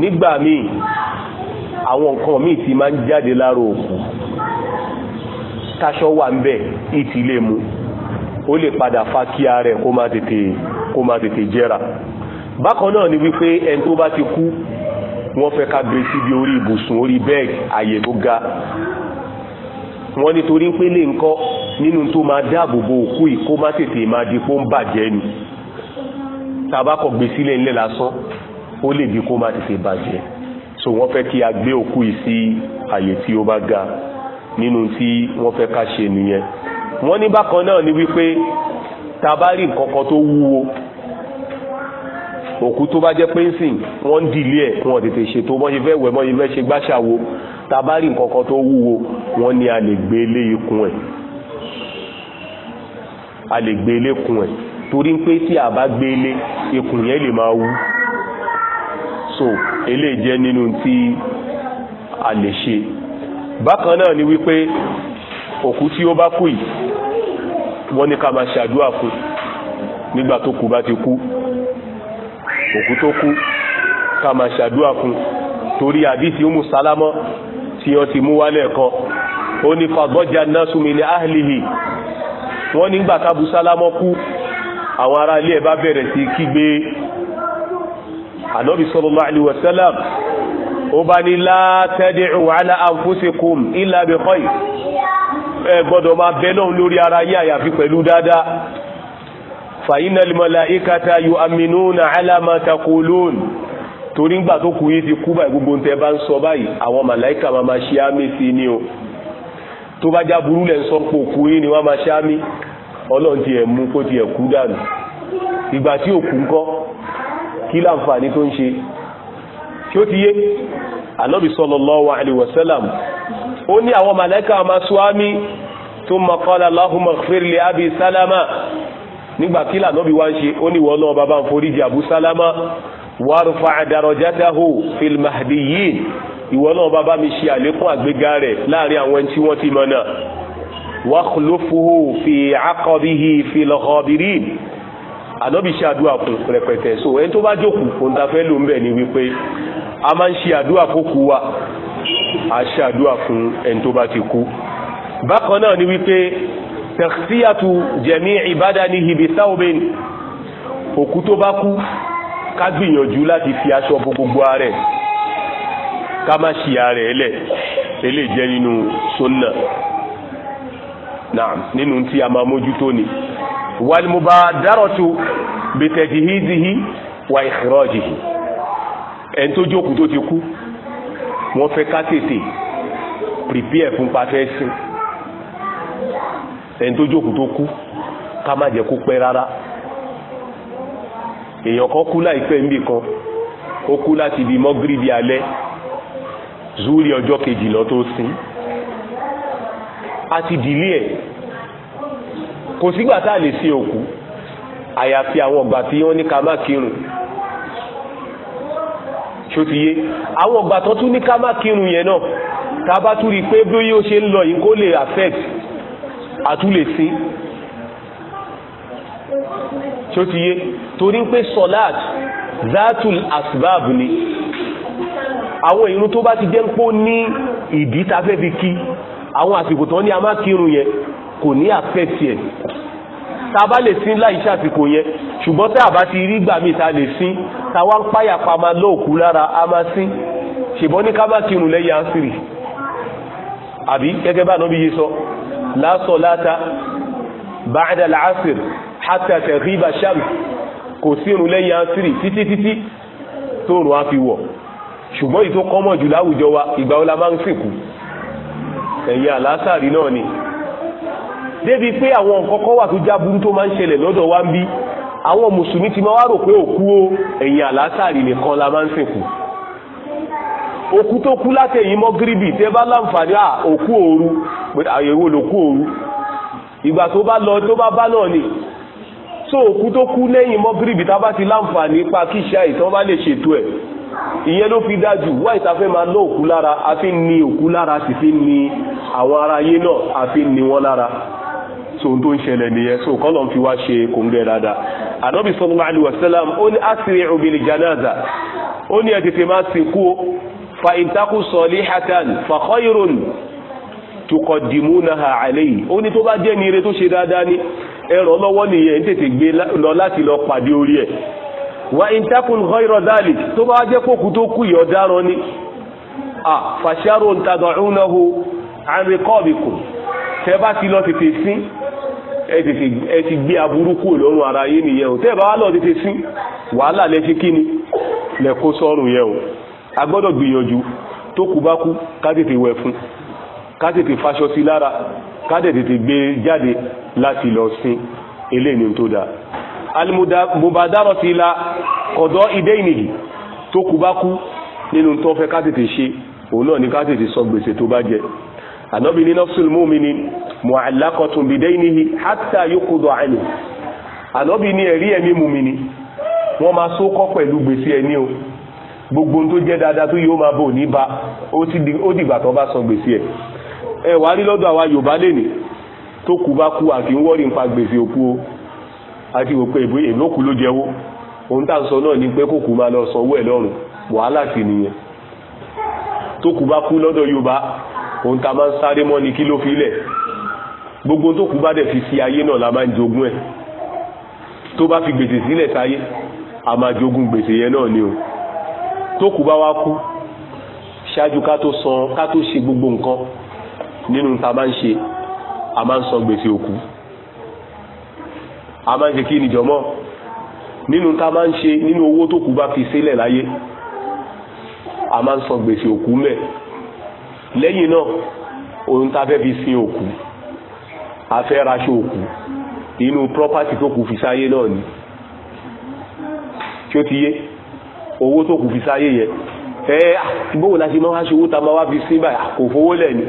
nígbà míì àwọn nǹkan míì ti máa ń jáde lára òkú táṣọ wà ń bẹ̀ ìtì lè mú ó lè padà fa kí ara ẹ̀ kó má tètè kó má tètè jẹ́ra bákan náà ni wípé ẹni tó bá ti kú wọ́n fẹ́ ká gbé síbi orí ibùsùn orí bẹ́ẹ̀ àyè tó ga wọ́n nítorí pé lè ń nínú tó máa dáàbò bo òkú yìí kó má tètè máa di kó ń bàjẹ́ ni tàbákọ̀ gbé sílẹ̀ ńlẹ̀ lásán ó lè di kó má tètè bàjẹ́ so wọ́n fẹ́ kí a gbé òkú yìí sí àyè tí ó bá ga nínú tí wọ́n fẹ́ ká ṣe nìyẹn wọ́n ní bákan náà ni wípé tá bá rí nǹkan kan tó wúwo òkú tó bá jẹ́ pẹ́ńsìn wọ́n ń dìlé ẹ̀ wọ́n tètè ṣètò mọ́ ṣe fẹ́ wẹ̀ mọ́ ṣe fẹ́ ṣe gbáṣàwo tá bá rí nǹkan kan tó wúwo wọ́n ní a lè gbé e lé ikùn ẹ̀ a lè gbé e lé kun ẹ̀ torí pé tí a bá gbé e lé ikùn yẹn lè máa wú so eléyìí jẹ́ nínú tí a lè ṣe bákan náà ni wípé òkú tí ó bá kú yìí wọ́n ní ká máa ṣàdúrà fún nígbà tó kú bá ti kú òkú tó kú ká máa ṣàdúrà fún torí àdísì umu sálámọ́ tí wọ́n ti mú wálẹ̀ kan ó ní fàgbọ́jà násùmí ní áhìlìhì wọ́n nígbà tábù sálámọ́ kú àwọn ará ilé ẹ̀ bá bẹ̀rẹ̀ sí kígbe ànábì sallallahu alaihi wasallam ó bá ní látẹ́dẹ̀ wàhálà àfúsìkùm ilà bẹ̀kọ́ yìí ẹ gbọ́dọ̀ máa bẹ náà lórí ara yín àyàfi pẹ̀lú dáadáa fàyínà lìmọ̀lá ìkàtà yóò àmìnú na alámatakùlùn torí ngbà tó kù yìí ti kú báyìí gbogbo tẹ bá ń sọ báyìí àwọn màláìkà máa ma ṣe àmì sí ni o tó bá já burú lẹ̀ sọ pé òkú yìí ni wọ́n máa ṣe àmì ọlọ́run ti ẹ̀ mú kó ti ẹ̀ kú dànù ìgbà tí òkú ń kọ́ kí láǹfààní tó ń ṣe kí ó ti yé ànábì sallallahu alaihi wasallam ó ní àwọn màlẹ́kà máa sọ ámì thumma qala Allahumma ighfir li abi sálámà nígbà kí lànàbì wá ń ṣe ó ní wọ́n náà bàbá ń foríjì àbú sálámà warfa' darajatahu fil mahdiyyin ìwọ náà bàbá mi ṣe àlékún àgbéga rẹ̀ láàrin àwọn ẹni tí wọ́n ti mọ̀ náà a máa ń ṣe àdúrà fókú wa a ṣe àdúrà fún ẹni tó bá ti kú bákan náà ni wípé tẹ̀síyàtù jẹ̀mí ìbádání ibi sáwọ́bìn òkú tó bá kú ká gbìyànjú láti fi aṣọ bo gbogbo ààrẹ ká má ṣe ààrẹ ẹlẹ̀ eléyìí jẹ́ nínú sunna naam nínú tí a máa mójútó ni wàlmùbá dárọ̀tù bìtẹ̀jìhìzìhì wà ìkìrọ̀jìhì ẹni tó jókòó tó ti kú wọ́n fẹ́ ká tètè prepare fún pàfẹ́ sí ẹni tó jókòó tó kú ká má jẹ́ kó pẹ́ rárá èèyàn kan kú láìpẹ́ níbì kan ó kú láti ibi mọ́gíríbì alẹ́ zúrí ọjọ́ kejìlá tó sin a ti dìlé ẹ̀ kò sígbà tá a lè sin òkú àyàfi àwọn ọgbà tí wọ́n ní ká má kírun ṣó ti yé àwọn ọgbà tó tún ní ká má kírun yẹn náà tá a bá tún rí i pé bí ó ṣe ń lọ yìí kó lè affect àtúlẹ̀sí ṣó ti yé torí pé solat zatul asbab ni àwọn ìrun tó bá ti jẹ́ pó ní ìdí tá a fẹ́ fi kí àwọn àsìkò tán ní a má kírun yẹn kò ní affect yẹn tá a bá lè sin láì ṣàfikò yẹn ṣùgbọ́n tá a bá ti rí gbà ta lè sin táwa ń páyà pa máa lóòkú lára a máa sín ṣùgbọ́n ní ká má kírun lẹ́yìn àṣírí àbí gẹ́gẹ́ bá Ànábì yìí sọ la salata ba'da al-asr hatta taghiba shams kò sírun lẹ́yìn àṣírí títí títí tóòrùn á fi wọ̀ ṣùgbọ́n ìtò kọ́mọ̀ jù láwùjọ wa ìgbà ọlá máa ń sìnkú ẹ̀yìn àlásàrí náà ni débi pé àwọn nǹkan kan wà tó jábú àwọn mùsùlùmí ti máa wá rò pé òkú o ẹ̀yìn àlásàrì nìkan la máa ń sìnkú òkú tó kú látẹ̀yìn mọ́ gíríbì tẹ́ bá láǹfààní à òkú òru àyẹ̀wò lòkú òru ìgbà tó bá lọ tó bá bá náà ni tó òkú tó kú lẹ́yìn mọ́ gíríbì tá bá ti láǹfààní pa kí iṣẹ́ àìsàn bá lè ṣètò ẹ̀ ìyẹn ló fi dájú wá ìtafẹ́ máa lọ òkú lára àfi ni òkú lára sì fi ni àwọn aráyé náà àfi ni wọ́n lára so ohun tó ń ṣẹlẹ̀ nìyẹn so kọ́ lọ́n fi wá ṣe kòǹgẹ́ dáadáa ànábì sallallahu alaihi wasallam ó ní asri'u bil janaza ó ní ẹ tètè máa sìnkú fa intaku salihatan fa khayrun tuqaddimunaha alayhi ó ní tó bá jẹ́ ní ire tó ṣe dáadáa ní ẹ̀rọ lọ́wọ́ nìyẹn tètè gbé lọ láti lọ pàdé orí ẹ̀ wa intakun ghayra dhalik tó bá jẹ́ kókù tó kú yọ dáràn ní à fa sharrun tad'unahu an riqabikum tẹ́ bá ti lọ tètè sín ẹ ti gbé aburú kúrò lọ́rùn ara yín nìyẹn o tẹ́ẹ̀ bá wà lọ tètè sí wàhálà lẹ ṣe kíni lẹ kó sọ́rùn yẹn o a gbọ́dọ̀ gbìyànjú tó kú bá kú ká wẹ̀ fún ká tètè sí lára ká gbé e jáde láti lọ sin eléyìí tó dáa alimubadarọ ti la kọ̀dọ̀ idé ìnìyí tó kú bá kú nínú tó fẹ́ ká tètè ṣe òun náà ni ká tètè sọ gbèsè tó bá jẹ ànábi ní nafsul mu'mini mu'allaqatun bidaynihi hatta yuqda anhu ànábi ní ẹ̀rí ẹ̀mí mùmìnì wọ́n máa so kọ́ pẹ̀lú gbèsè ẹni o gbogbo tó jẹ́ dáadáa tó yóò máa bò ní ba ó dìgbà tó bá san gbèsè ẹ̀ ẹ wà rí lọ́dọ̀ àwa yorùbá lẹ́nìí tó kú bá kú àfi ń nípa gbèsè òkú o àti òpè èlòkù ló jẹ́wọ́ ohun tá à ń sọ náà ni pé kò kú máa lọ sanwó ẹ̀ lọ́rùn wàhálà sì nìyẹn tó kú bá kú lọ́dọ̀ yorùbá òun ta máa ń sáré mọ́ ni kí ló fi lẹ̀ gbogbo tó kú bá dẹ̀ fi sí ayé náà la máa ń jogún ẹ̀ tó bá fi gbèsè sílẹ̀ sáyé a máa jogún gbèsè yẹn náà ni o tó kú bá wá kú ṣáájú ká tó san ká tó ṣe gbogbo nǹkan nínú ta máa ń ṣe a máa ń san gbèsè òkú a máa ń ṣe kí nìjọmọ́ nínú ta máa ń ṣe nínú owó tó kú bá fi sílẹ̀ láyé a máa ń san gbèsè òkú mẹ́ẹ̀ lẹ́yìn náà ohun tá fẹ́ fi sin òkú a fẹ́ raṣọ òkú inú property tó kù fi sáyé náà ni tí ó ti yé owó tó kù fi sáyé yẹn ẹ gbóhùn láti máa wá ṣe owó tá máa wá fi sí báyìí kò fowó lẹ̀ ni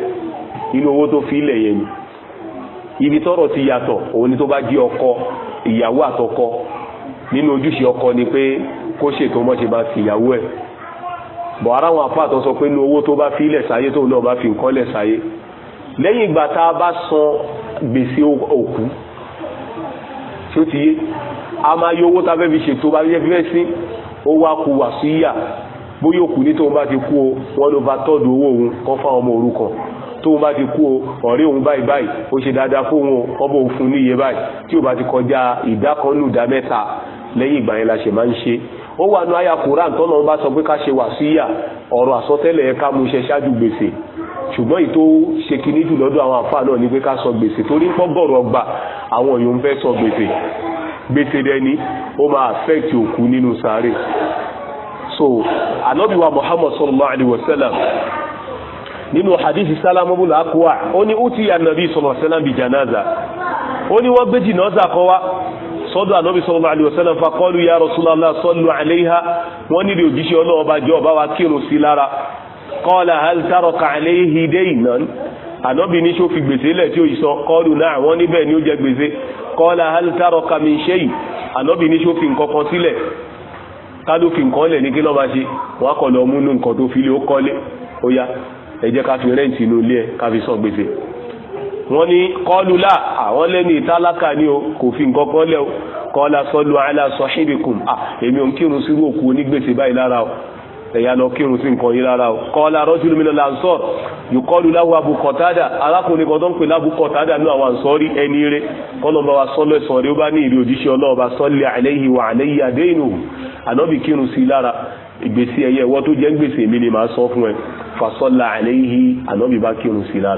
inú owó tó fi ilẹ̀ yẹn ni ibi tọ́rọ̀ ti yàtọ̀ òun ni tó bá jí ọkọ ìyàwó àtọkọ nínú ojúṣe ọkọ ni pé kó ṣètò mọ́ ṣe bá ti ìyàwó ẹ̀ bọ̀ ara àwọn àpá àtọ́ sọ pé ní owó tó bá fi ilẹ̀ sáyé tóun náà bá fi nǹkan lẹ̀ sáyé lẹ́yìn ìgbà tá a bá san gbèsè òkú tí ó ti yé a máa yọ owó tá a fẹ́ fi ṣètò bá fẹ́ fẹ́ sí ó wá kú wà sí yà bóyá òkú ní tóun bá ti kú o wọ́n ló bá tọ́dù owó òun kọ́ fáwọn ọmọ òrukàn tóun bá ti kú o ọ̀rẹ́ òun báyìí báyìí ó ṣe dáadáa fóun o ọmọ òfun ní iye báyìí tí ò bá ti kọjá ìdá ìdá mẹ́ta lẹ́yìn ìgbà yẹn la ṣe máa ń ṣe ó wà ní àyà Quran tọ́nà bá sọ pé ká ṣe wàsíyà ọ̀rọ̀ àsọtẹ́lẹ̀ ká mú iṣẹ́ ṣáájú gbèsè ṣùgbọ́n ìtò ṣe kìíní jù lọ́dọ̀ àwọn àfáà náà ni pé ká sọ gbèsè torí pọ́gọ́rọ̀ gba àwọn èèyàn fẹ́ sọ gbèsè gbèsè dẹni ó máa affect òkú nínú sáré so anọ́bíwa Muhammad sallallahu alaihi wasallam nínú hadithi sálámù bú làákùwà ó ní ó ti yà nàbí sallallahu alaihi wasallam bí janaza ó ní wọ́n gbé jìnà sọ́dọ̀ ànábì sallallahu alaihi wasallam faqalu ya Rasulullah sallu alaiha wọ́n nílò òjíṣẹ́ ọlọ́ọ̀bá jọ ọba wa kírun sí lára qala hal taraka alaihi daynan ànábì ní ṣó fi gbèsè lẹ̀ tí ó yìí sọ qalu náà wọ́n níbẹ̀ ni ó jẹ gbèsè qala hal taraka min shay ànábì ní ṣó fi nǹkan kan sílẹ̀ ká ló fi nǹkan lẹ̀ ní kí lọ́ba wọ́n ní kọlùlá àwọn lẹ́ni ìtálákà ní o kò fi nǹkan kan lẹ́ o kọ́lá sọ́lù aláṣọ ṣíbìkùn à èmi ò ń kírun sí òkú onígbèsè báyìí lára o ẹ̀yà lọ kírun sí nǹkan yìí lára o kọ́lá rọ́júlù mìíràn lansọ́r yùkọ́lù láwọ abukọ̀tádà arákùnrin kan tó ń pè lábukọ̀tádà ní àwọn ànsọ́rí ẹni rẹ kọ́lọ́mọ wa sọ́lọ́ ìsọ̀rí ó bá ní ìrì òjíṣẹ́ ọlọ́ọ̀ba sọ́lẹ̀ àlẹ́yìn wà àlẹ́yìn àdéhìnù ànábì kírun sí lára ìgbésí ẹyẹ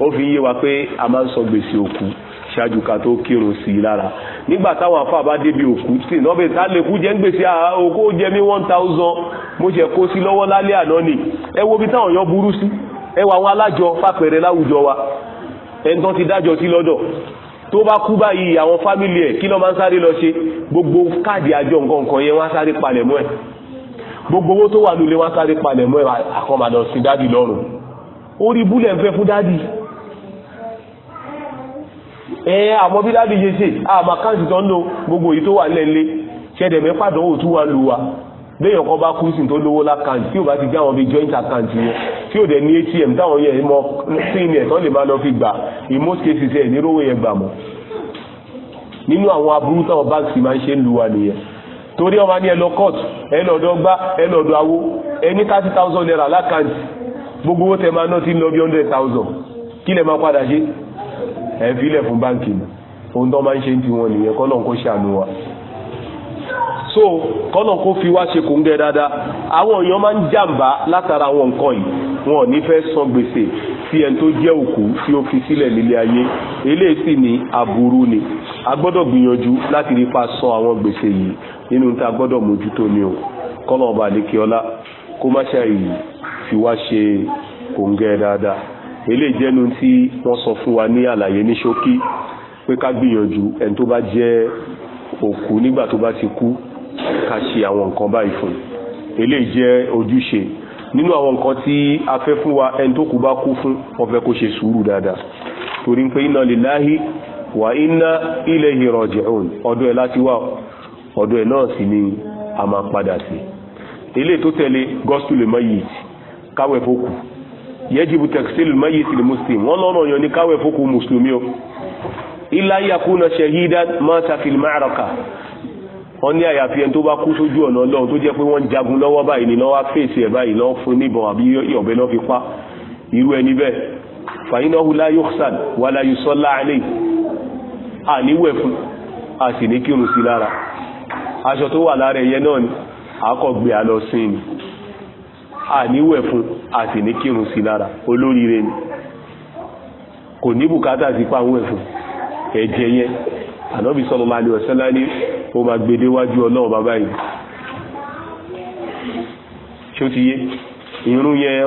ó fi yé wa pé a máa ń sọ gbèsè òkú ṣáájú ká tó kírun sí i lára nígbà táwọn afá bá débi òkú sí lọ́bẹ̀ tá lè jẹ́ ń gbèsè okó jẹ́ mi one thousand mo ṣe kó sí lọ́wọ́ lálẹ́ àná ni ẹ wo bí táwọn yan burú sí ẹ wo àwọn alájọ fàpẹ̀rẹ̀ láwùjọ wa ẹni tán ti dájọ sí lọ́dọ̀ tó bá kú báyìí àwọn fámìlì ẹ̀ kí ló máa ń sáré lọ ṣe gbogbo káàdì àjọ nǹkan yẹn wọ́n á sáré palẹ̀ mọ́ ẹ̀ gbogbo owó tó wà lulẹ̀ wọ́n á sáré palẹ̀ mọ́ ẹ̀ àkànmọ̀dọ̀ sí dádì lọ́rùn orí búlẹ̀ ń fẹ́ fún dádì ẹ àmọ́ bí láti ṣe ṣe àmà káàkiri tó ń lo gbogbo èyí tó wà lẹ́lẹ́ ṣẹ́dẹ̀mẹ́ pàdánwò tó wà lù wa béèyàn kan bá kú sí tó lówó lákàntì tí ò bá ti gbé àwọn bíi joint account yẹn tí ò dẹ̀ ní atm táwọn yẹn mọ pin ẹ̀ tán lè máa lọ fi gbà in most cases ẹ̀ ní rówó yẹn gbà mọ́ nínú àwọn aburú táwọn báńkì máa ń ṣe ń lu wa nìyẹn torí ọmọ ní ẹlọ court ẹlọdọ gbá ẹlọdọ awó ẹni thirty thousand naira lákàntì gbogbo owó tẹ máa ná ti lọ bí hundred thousand kí lẹ máa padà ṣe ẹ̀fílẹ̀ fún báńkì ni ohun tó máa ń ṣe ń ti wọn nìyẹn kọ́nà kó ṣàánú wa so kọ́nà kó fi wá ṣe kò ń gẹ dáadáa àwọn èèyàn máa ń jàmbá látara àwọn nǹkan yìí wọn ò ní fẹ́ san gbèsè tí ẹni tó jẹ́ òkú tí ó fi sílẹ̀ nílé ayé eléyìí ni aburú ni a gbọ́dọ̀ gbìyànjú láti rí pa san àwọn gbèsè yìí nínú tá a gbọ́dọ̀ mójútó ni o kọ́nà ọba àlékè ọlá kó má ṣàì fi wá ṣe kò ń gẹ dáadáa eléyìí jẹ́nu tí wọ́n sọ fún wa ní àlàyé ní ṣókí pé ká gbìyànjú ẹni tó bá jẹ́ òkú nígbà tó bá ti kú ká ṣe àwọn nǹkan báyìí fún eléyìí jẹ́ ojúṣe nínú àwọn nǹkan tí a fẹ́ fún wa ẹni tó kú bá kú fún wọ́n fẹ́ kó ṣe sùúrù dáadáa torí pé inna lillahi wa inna ilayhi raji'un ọ̀dọ̀ ẹ̀ láti wá ọ̀dọ̀ ẹ̀ náà sì ni a máa padà sí eléyìí tó tẹ̀lé gọ́sùlùmọ́ yìí káwẹ̀ fókù yẹ́jìbù tẹ̀sílù mẹ́yì sí muslim wọ́n lọ́nà ọ̀yàn ní káwẹ̀ fókù mùsùlùmí o ilá yakuna ṣẹ̀hídá máa tafil máraka wọ́n ní àyàfi ẹni tó bá kú sójú ọ̀nà ọlọ́run tó jẹ́ pé wọ́n jagun lọ́wọ́ báyìí ni lọ́wọ́ fèsì ẹ̀ báyìí lọ́wọ́ fún níbọn àbí ọ̀bẹ náà fi pa irú ẹni bẹ́ẹ̀ fàyínàhù la yuhsan wà la yusalla alayhi àníwẹ̀ fún a sì ní kírun sí lára aṣọ tó wà lára ẹyẹ náà ni àkọ́gbé alọ́sìn ni àníwẹ̀ fún àti ní kírun sí lára olóríire ni kò ní bùkátà sí pàwọn ẹ̀fún ẹ̀jẹ̀ yẹn ànábì sallallahu alaihi wasallam ní ó máa gbede wájú ọlọ́run bàbá yìí ṣé ó ti yé irun yẹn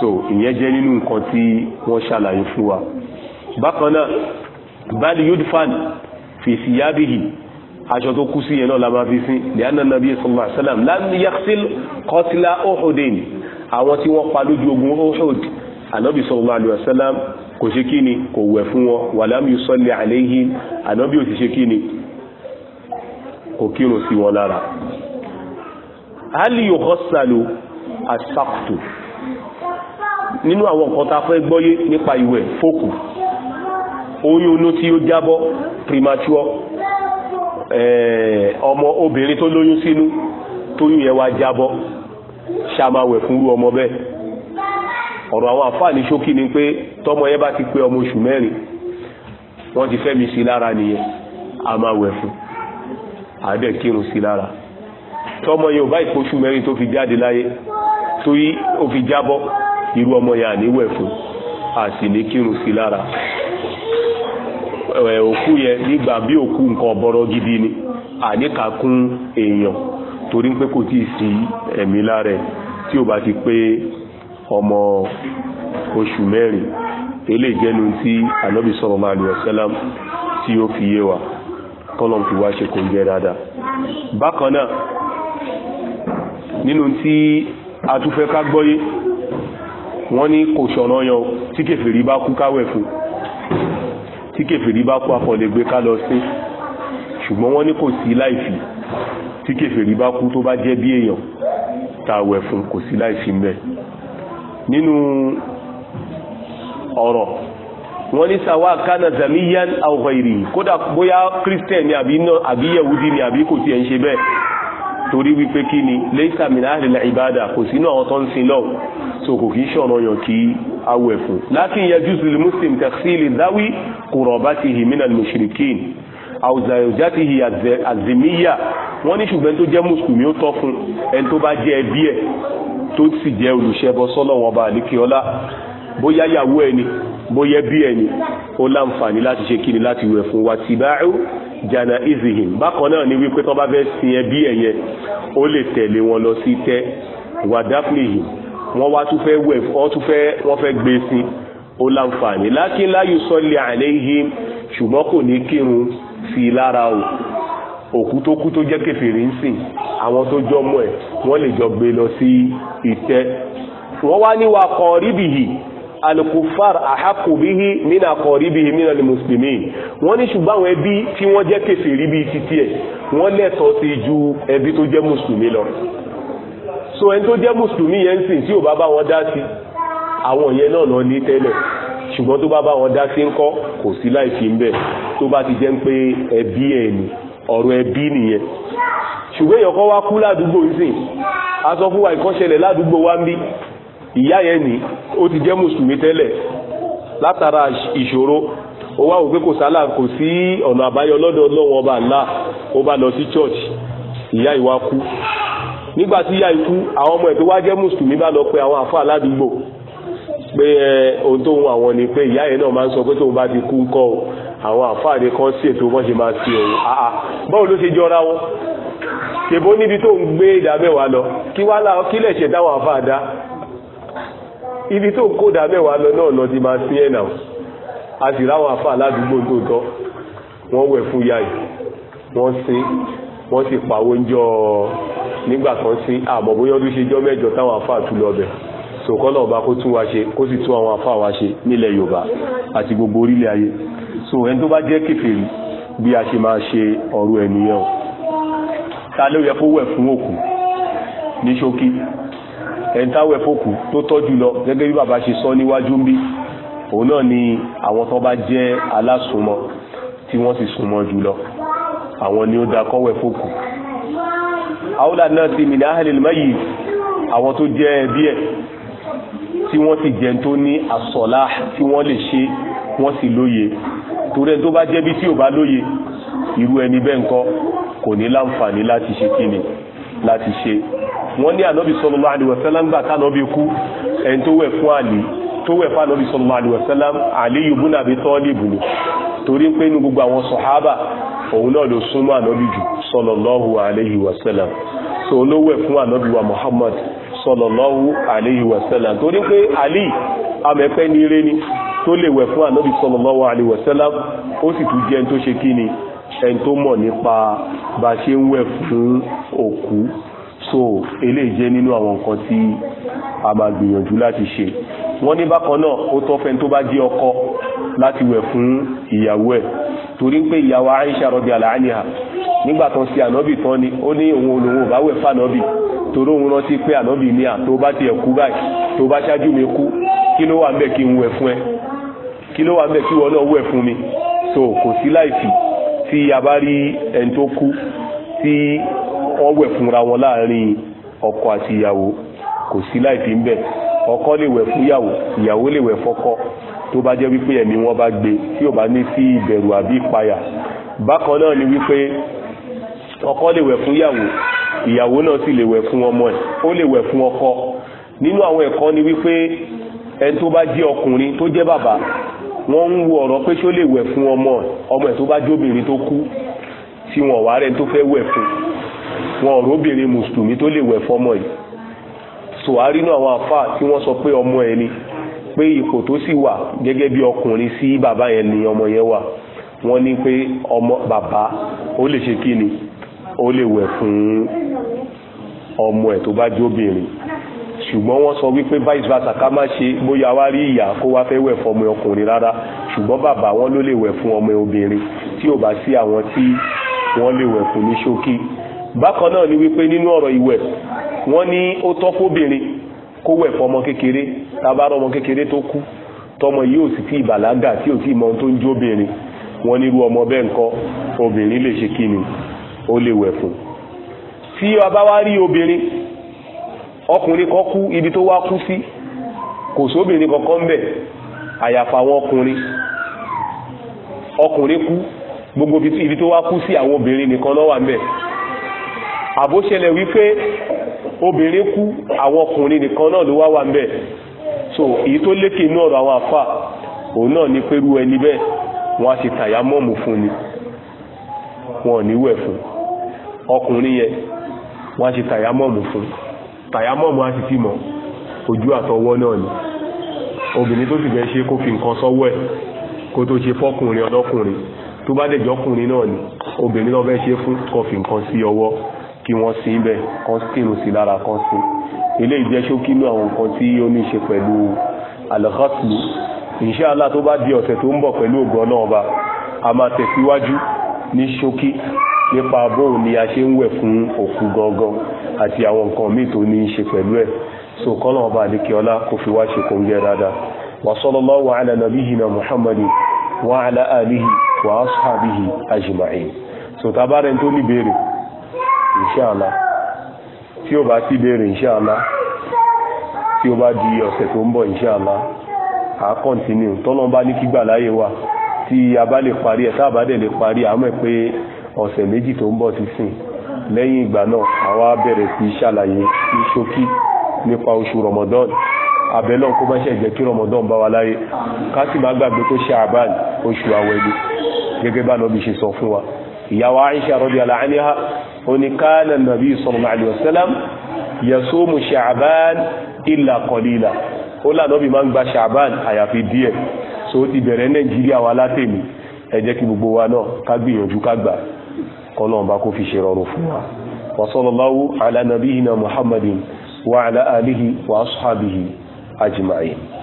so ìyẹn jẹ́ nínú nǹkan tí wọ́n ṣàlàyé fún wa bákan náà aṣọ tó kú sí yẹn náà la máa fi sin lẹ́yìn anabi sọlá sálàm lámìyàksil kọtìlá ọ̀hódìn àwọn tí wọ́n pa lójú ogun ọ̀hód anabi sọlá alùwà sálàm kò ṣe kí ni kò wẹ̀ fún wọn wàlámù sọlẹ̀ àléhìn anabi ò ti ṣe kí ni kò kírun sí premature Eh, ọmọ obìnrin tó lóyún sínú tóyún yẹn wá jábọ́ ṣàmáwẹ̀ fún irú ọmọ bẹ́ẹ̀ ọ̀rọ̀ àwọn àfáàní ṣókí ni pé tọmọ yẹn bá ti pé ọmọ oṣù mẹ́rin wọ́n ti fẹ́mi sí lára nìyẹn a máa wẹ̀ fún àádẹ́ kírun sí lára tọmọ yẹn ò bá ìpò oṣù mẹ́rin tó fi jáde láyé torí ó fi jábọ́ irú ọmọ yẹn àníwẹ̀ fún àti ní kírun sí lára òkú yẹn nígbà bí òkú nǹkan ọ̀bọ̀rọ̀ gidi ni àníkàkún èèyàn torí pé kò tí sí ẹ̀mí lára tí ó bá ti pé ọmọ oṣù mẹ́rin ilé ìjẹnu tí ànábì sallallahu alaihi wasallam tí ó fi yé wa kọ́lọ̀ fi wá ṣe kò jẹ́ dáadáa bákan náà nínú tí a tún fẹ́ ká gbọ́yé wọ́n ní kò ṣọ̀nà yan tí kèfèrí bá kú káwẹ̀ fún tí kèfèrí bá kú àkọlẹ̀ gbé ká lọ sí ṣùgbọ́n wọ́n ní kò sí láìfì tí kèfèrí bá kú tó bá jẹ́ bí èèyàn tàwẹ̀ fún kò sí láìfì mẹ́ nínú ọ̀rọ̀ wọ́n ní sàwọ́ àkánà zamiyan àwọ̀ kódà bóyá kírísítẹ̀ ni àbí yẹ̀wúdí ni àbí kò tiẹ̀ ń ṣe bẹ́ẹ̀ torí wípé kí ni lẹ́sà mi láàrin ìbádà kò sínú àwọn tó ń sin lọ́wọ́ so kò kí ṣọ̀nà yàn kí awẹ̀ fún láti yẹjú sílẹ̀ muslim tẹ̀sílẹ̀ dáwí qurabatihi minal mushrikin àwùjàjátihi àzìmíyà wọ́n ní ṣùgbọ́n tó jẹ́ mùsùlùmí ó tọ́ fún ẹni tó bá jẹ́ ẹbí ẹ̀ tó sì jẹ́ olùṣẹbọ sọ́lọ́wọ́n ọba àlékíọ́lá bóyá yàwó ẹni bóyá ẹbí ẹni ó láǹfààní láti ṣe kíni láti wẹ̀ fún wa tìbáà jana izihim bákan náà ni wípé tó bá fẹ́ sin ẹbí ẹ̀yẹ ó lè tẹ̀lé wọn lọ sí tẹ́ wàdápìlìhì wọ́n wá tún fẹ́ wẹ̀ wọ́n tún fẹ́ wọ́n fẹ́ gbé sí ó láǹfààní lákín láyò sọ́lẹ̀ àléhìm ṣùgbọ́n kò ní kírun sí i lára o òkú tó kú tó jẹ́ kèfèrí ń sìn àwọn tó jọ mọ́ ẹ̀ wọ́n lè jọ gbé lọ sí ìtẹ́ wọ́n wá ní wakọ̀ ríbìhì alkufar ahaku bihi mina kọ̀rí bihi mina ni musulmi wọ́n ní ṣùgbọ́n àwọn ẹbí tí wọ́n jẹ́ kèfèrí bí títí ẹ̀ wọ́n ju ẹbí tó jẹ́ musulmi lọ so ẹni tó jẹ́ musulmi yẹn sìn tí ò bá bá wọn dá sí àwọn yẹn náà lọ ní tẹ́lẹ̀ ṣùgbọ́n tó bá bá wọn dá sí ńkọ́ kò sí láì fi ń bẹ̀ tó ti jẹ́ pé ẹbí ẹ̀ ni ọ̀rọ̀ ẹbí nìyẹn ṣùgbọ́n èèyàn kan wá kú ládùúgbò yìí a sọ fún wa ìkọ́ṣẹlẹ̀ ládùúgbò wa ń ìyá yẹn ni ó ti jẹ́ mùsùlùmí tẹ́lẹ̀ látara ìṣòro ó wá wò pé kò sálà kò sí ọ̀nà àbáyọ lọ́dọ̀ ọlọ́run ọba àlá ó bá lọ sí church ìyá ìwá kú nígbà tí ìyá ikú àwọn ọmọ ẹ̀ tó wá jẹ́ mùsùlùmí bá lọ pé àwọn àfáà ládùúgbò pé ẹ ohun tó ń àwọn ni pé ìyá yẹn náà máa ń sọ pé tóun bá ti kú ńkọ́ àwọn àfáà ni kan sí ètò wọ́n ṣe máa sí òun àà báwo ló ṣe jọra wọn ṣèbó níbi tó gbé ìdámẹ́wàá lọ kí wá láwọn kílẹ̀ ṣẹ̀dáwọn àfáà dá ibi tó kódà mẹ́wàá lọ náà lọ ti máa sí ẹ̀nà a sì ráwọn afá aládùúgbò tó tọ́ wọ́n wẹ̀ fún ya yìí wọ́n sí wọ́n sì pàwó ń jọ nígbà kan sí àmọ́ bóyá ọdún ṣe jọ mẹ́jọ táwọn afá àtú lọ bẹ̀ sòkọ́nà ọba kó tún wa ṣe kó sì tún àwọn afá wa ṣe nílẹ̀ Yorùbá àti gbogbo orílẹ̀ ayé so ẹni tó bá jẹ́ kèfèrí bí a ṣe máa ṣe ọ̀rọ̀ ènìyàn ta ló yẹ fún òkú ní ṣókí ẹ̀ńtáwẹ̀ fòkù tó tọ́jú lọ gẹ́gẹ́ bí bàbá ṣe sọ níwájú ń bí òun náà ni àwọn tó bá jẹ́ alásùnmọ́ tí wọ́n sì súnmọ́ jù lọ àwọn ni ó da kọ́wẹ̀ fòkù àwòlà náà ti mìnà ahẹ́lẹ́lẹ́mọ́ yìí àwọn tó jẹ́ ẹbí ẹ̀ tí wọ́n sì jẹ́ tó ní àsọ̀lá tí wọ́n lè ṣe wọ́n sì lóye torí ẹni tó bá jẹ́bí tí ò bá lóye irú ẹni bẹ́ẹ̀ ńkọ́ kò ní láǹfààní láti ṣe kíni láti ṣe wọ́n ní ànábì sallallahu alaihi wasallam gbà tánàbí kú ẹni tó wẹ̀ fún àlè tó wẹ̀ fún ànábì sallallahu alaihi wasallam àlè ibn Abi Talib ni torí pé ní gbogbo àwọn sọ̀hábà òun náà ló súnmọ́ ànábì jù sallallahu alaihi wasallam so ló wẹ̀ fún ànábì wa Muhammad sallallahu alaihi wasallam torí pé àlè amẹ́pẹ́ ní ire ni tó lè wẹ̀ fún ànábì sallallahu alaihi wasallam ó sì tún jẹ́ ẹni tó so ele jẹ́ nínú àwọn nǹkan tí a máa gbìyànjú láti ṣe wọ́n ní bákan náà ó tọ́ fẹ́ tó bá jẹ́ ọkọ láti wẹ̀ fún ìyàwó ẹ̀ torí pé ìyàwó Aisha rọ́bì aláàníhà nígbà sí ànábì tán ni ó ní òun olóhùn ò bá wẹ̀ fànábì torí òun rántí pé ànábì ní à tó bá tiẹ̀ kú báyìí tó bá ṣáájú mi kú kí ló wà ń kí n wẹ̀ fún ẹ kí ló wà ń kí wọ́n náà wẹ̀ fún mi so kò sí láìsí tí a bá rí ẹni tó kú tí kọ́kọ́ wẹ̀ fúnra wọn láàrin ọkọ àti ìyàwó kò sí láìfi ń bẹ̀ ọkọ lè wẹ̀ fún ìyàwó ìyàwó lè wẹ̀ fọ́kọ tó bá jẹ́ wípé ẹ̀mí wọn bá gbé tí ò bá ní sí ìbẹ̀rù àbí ìpayà bákan náà ni wípé ọkọ lè wẹ̀ fún ìyàwó ìyàwó náà sì lè wẹ̀ fún ọmọ ẹ̀ ó lè wẹ̀ fún ọkọ nínú àwọn ẹ̀kọ́ ni wípé ẹni tó bá jẹ́ ọkùnrin tó jẹ́ bàbá wọ́n ń wo ọ̀rọ̀ pé ṣó lè wẹ̀ fún ọmọ ọmọ ẹ̀ tó bá jóbìnrin tó kú tí wọ́n wà rẹ̀ tó fẹ́ wẹ̀ fún wọn ò róbìnrin mùsùlùmí tó lè wẹ̀ fọ́mọ yìí sòwárí náà àwọn àfà tí wọ́n sọ pé ọmọ ẹ̀ ni pé ipò tó sì wà gẹ́gẹ́ bí ọkùnrin sí bàbá yẹn ni ọmọ yẹn wà wọ́n ní pé ọmọ bàbá ó lè ṣe kí ni ó lè wẹ̀ fún ọmọ ẹ̀ tó bá jóbìnrin ṣùgbọ́n wọ́n sọ wípé vice versa ká má ṣe bóyá wá rí ìyá kó wá fẹ́ wẹ̀ fún ọmọ ọkùnrin rárá ṣùgbọ́n bàbá wọn ló lè wẹ̀ fún ọmọ obìnrin tí ò bá sí àwọn tí wọ́n lè wẹ̀ fún ní ṣókí bákan náà ni wípé nínú ọ̀rọ̀ ìwẹ̀ wọ́n ní ó tọ́ fóbìnrin kó wẹ̀ fọmọ kékeré tábàárọ ọmọ kékeré tó kú tọmọ yìí ò sì tí ìbàlágà tí ò tí ìmọ̀ tó ń jó obìnrin wọ́n nírú ọmọ bẹ́ẹ̀ ńkọ́ obìnrin lè ṣe kíni ó lè wẹ̀ fún tí a bá wá rí obìnrin ọkùnrin kan kú ibi tó wá kú sí kò sóbìnrin kankan bẹ̀ àyàfà àwọn ọkùnrin ọkùnrin kú gbogbo ibi tó wá kú sí àwọn obìnrin nìkan ló wà àbóṣẹlẹ̀ wípé obìnrin kú àwọn ọkùnrin nìkan náà ló wá wà ń so èyí tó lékè inú ọ̀rọ̀ àwọn àfà òun náà ní pẹ́rú ẹni bẹ́ẹ̀ wọ́n á sì tàyà mọ́ọ̀mù fún ni wọn ò wẹ̀ fún ọkùnrin yẹn wọ́n á sì tàyà mọ́ọ̀mù fún tàyà mọ́ọ̀mù á sì ti mọ̀ ojú àtọwọ́ náà ni obìnrin tó sì fẹ́ ṣe kó fi nǹkan sọ́wọ́ ẹ̀ kó tó ṣe fọ́kùnrin ọlọ́kùnrin tó bá dẹ̀jọ́kùnrin náà ni obìnrin náà fẹ́ ṣe fún kó nǹkan sí ọwọ́ kí wọ́n sí ibẹ̀ kan kírù sí lára kan sí ilé ìjẹ́ ṣókínú àwọn nǹkan tí ó ní ṣe pẹ̀lú alhasslu inshallah tó bá di ọ̀sẹ̀ tó ń bọ̀ pẹ̀lú ògbọ́n náà ọba a máa tẹ̀síwájú ní ṣókí nípa bóun ni a ṣe ń wẹ̀ fún òkú gangan àti àwọn nǹkan míì tó ní ṣe pẹ̀lú ẹ̀ so kọ́nà ọba àdékẹ́ọlá kò fi wá wa sallallahu ala wa ala inshallah tí ó bá sí béèrè inshallah tí ó bá di ọ̀sẹ̀ tó ń bọ̀ inshallah a kọ́ntínú tọ́lọ́n bá ní kígbà láyé wa tí a bá lè parí ẹ̀ dẹ̀ lè parí àmọ́ pé ọ̀sẹ̀ méjì tó ń bọ̀ ti sìn lẹ́yìn ìgbà náà àwa bẹ̀rẹ̀ sí ṣàlàyé nípa oṣù kó bá ṣe kí bá wa láyé ká sì má gbàgbé tó oṣù oníkánà nàbí sallallahu alayhi wa sallam yasumu ṣàbán illa qalila ó lànàbí máa ń gba ṣàbán àyàfi díẹ̀ so ó ti bẹ̀rẹ̀ nàìjíríà wa látẹ̀mí ẹ jẹ́ kí gbogbo wa náà ká gbìyànjú ká gbà kọ́nà bá kó fi ṣe rọrùn fún wa wa sallallahu ala nabiyina muhammadin wa ala alihi wa ashabihi ajma'in